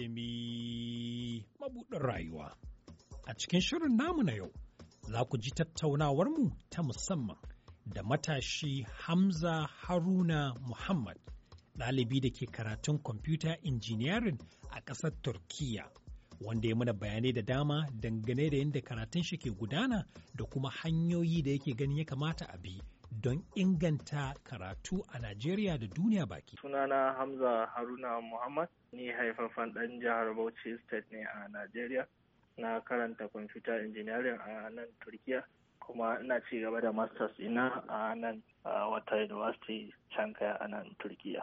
ilimi mabuɗin rayuwa. A cikin shirin namu na yau, za ku ji tattaunawarmu ta musamman da matashi Hamza Haruna Muhammad, ɗalibi da ke karatun Computer Engineering a ƙasar Turkiyya. Wanda ya mana bayanai da dama dangane da yadda karatun shi ke gudana da kuma hanyoyi da yake gani ya kamata a bi don inganta karatu a Najeriya da duniya baki. Sunana Hamza Haruna Muhammad ni haifafan ɗan jihar Bauchi State ne a Najeriya. Na karanta Computer Engineering a nan Turkiya kuma ina ci gaba da Masters ina a nan wata University canka a nan Turkiya.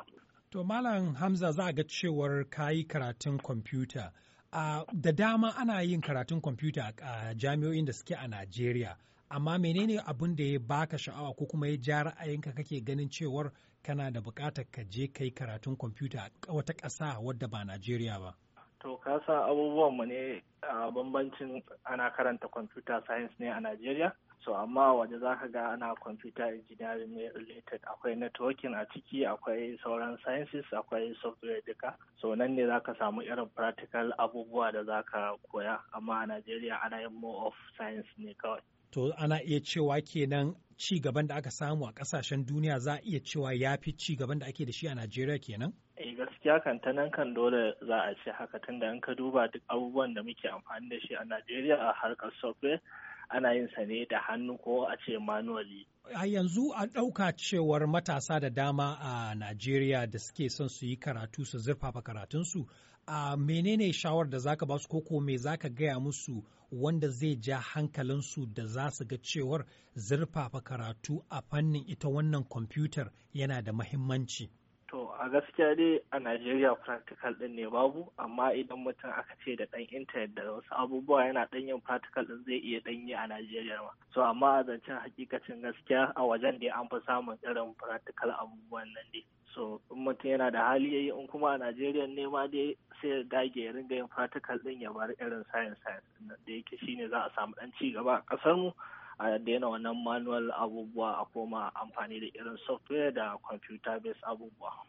To Malam Hamza za ga cewar kayi karatun kwamfuta. Uh, da dama ana yin karatun kwamfuta a uh, jami'o'in da suke a Najeriya. amma menene abin da ya baka sha'awa ko kuma ya ja ra'ayinka kake ganin cewar kana da buƙatar ka je kai karatun kwamfuta a wata ƙasa wadda ba Najeriya ba? To ka sa abubuwan mu ne a bambancin ana karanta kwamfuta science ne a Najeriya. So amma waje zaka ga ana kwamfuta engineering ne related akwai networking a ciki akwai sauran sciences akwai software duka. So nan ne zaka samu irin practical abubuwa da zaka koya amma a Najeriya ana yin more of science ne kawai. to ana iya cewa kenan ci gaban da aka samu a kasashen duniya za a iya cewa ya fi ci gaban da ake da shi a Najeriya kenan? Eh gaskiya kan ta nan kan dole za a ce haka tunda an ka duba duk abubuwan da muke amfani da shi a Najeriya a harkar software ana yin sa ne da hannu ko a ce manually. A yanzu an ɗauka cewar matasa da dama a Najeriya da suke son su yi karatu su zurfafa karatunsu a menene shawar da zaka ba su koko me zaka gaya musu wanda zai ja hankalinsu da za su ga cewar zurfafa karatu a fannin ita wannan kwamfutar yana da mahimmanci. a gaskiya dai a najeriya practical din ne babu amma idan mutum aka ce da dan intanet da wasu abubuwa yana dan yin practical din zai iya dan yi a najeriya ma so amma a zancen hakikacin gaskiya a wajen da an fi samun irin practical abubuwan nan dai so in mutum yana da hali yayi in kuma a najeriya ne ma dai sai ya dage ya ringa yin practical din ya bar irin science science da yake shine za a samu dan ci gaba a kasar mu a daina wannan manual abubuwa a koma amfani da irin software da computer based abubuwa